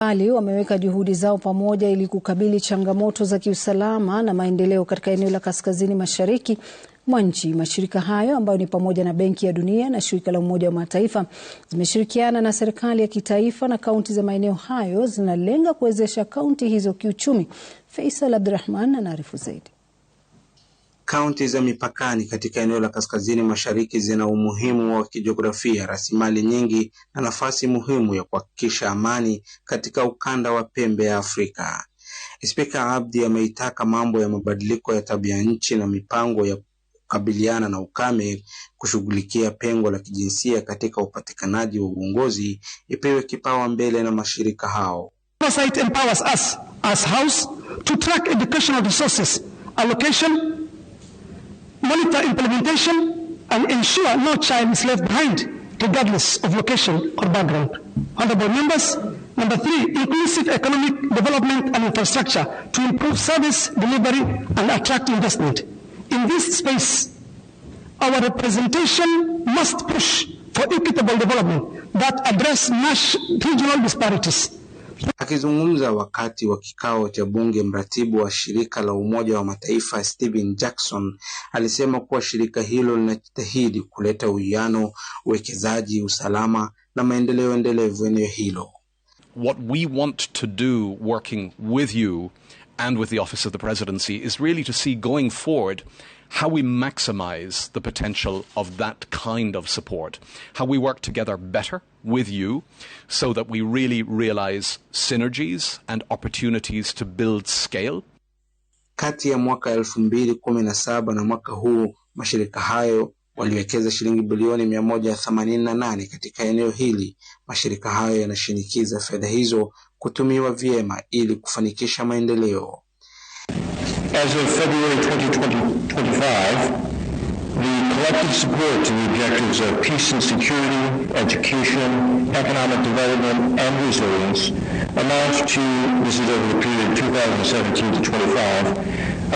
mbali wameweka juhudi zao pamoja ili kukabili changamoto za kiusalama na maendeleo katika eneo la kaskazini mashariki mwa nchi. Mashirika hayo ambayo ni pamoja na Benki ya Dunia na Shirika la Umoja wa Mataifa zimeshirikiana na serikali ya kitaifa na kaunti za maeneo hayo zinalenga kuwezesha kaunti hizo kiuchumi. Faisal Abdurrahman anaarifu zaidi. Kaunti za mipakani katika eneo la kaskazini mashariki zina umuhimu wa kijiografia, rasilimali nyingi na nafasi muhimu ya kuhakikisha amani katika ukanda wa pembe ya Afrika. Spika Abdi ameitaka mambo ya mabadiliko ya tabia nchi na mipango ya kukabiliana na ukame kushughulikia pengo la kijinsia katika upatikanaji wa uongozi ipewe kipawa mbele na mashirika hao. Oversight empowers us as house to track educational resources allocation monitor implementation, and ensure no child is left behind, regardless of location or background. Honorable members, number three, inclusive economic development and infrastructure to improve service delivery and attract investment. In this space, our representation must push for equitable development that address regional disparities Akizungumza wakati wa kikao cha bunge mratibu wa shirika la Umoja wa Mataifa Stephen Jackson alisema kuwa shirika hilo linajitahidi kuleta uwiano, uwekezaji, usalama na maendeleo endelevu eneo hilo. What we want to do working with you and with the Office of the Presidency is really to see going forward how we maximize the potential of that kind of support, how we work together better with you so that we really realize synergies and opportunities to build scale. Kati ya mwaka 2017 na mwaka huu mashirika hayo waliwekeza shilingi bilioni 188 katika eneo hili. Mashirika hayo yanashinikiza fedha hizo kutumiwa vyema ili kufanikisha maendeleo. As of February 2025, the collective support to the objectives of peace and security, education, economic development, and resilience amounts to, this is over the period 2017 to 25,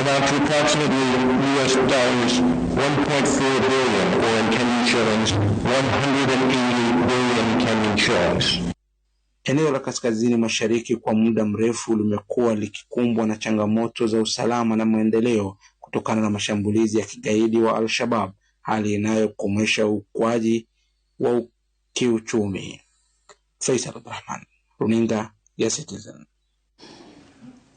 amount to approximately U.S. dollars 1.4 billion, or in Kenyan shillings, 180 billion Kenyan shillings. Eneo la kaskazini mashariki kwa muda mrefu limekuwa likikumbwa na changamoto za usalama na maendeleo kutokana na mashambulizi ya kigaidi wa Al-Shabab, hali inayokomesha ukuaji wa kiuchumi. Faisal Rahman, runinga ya Citizen.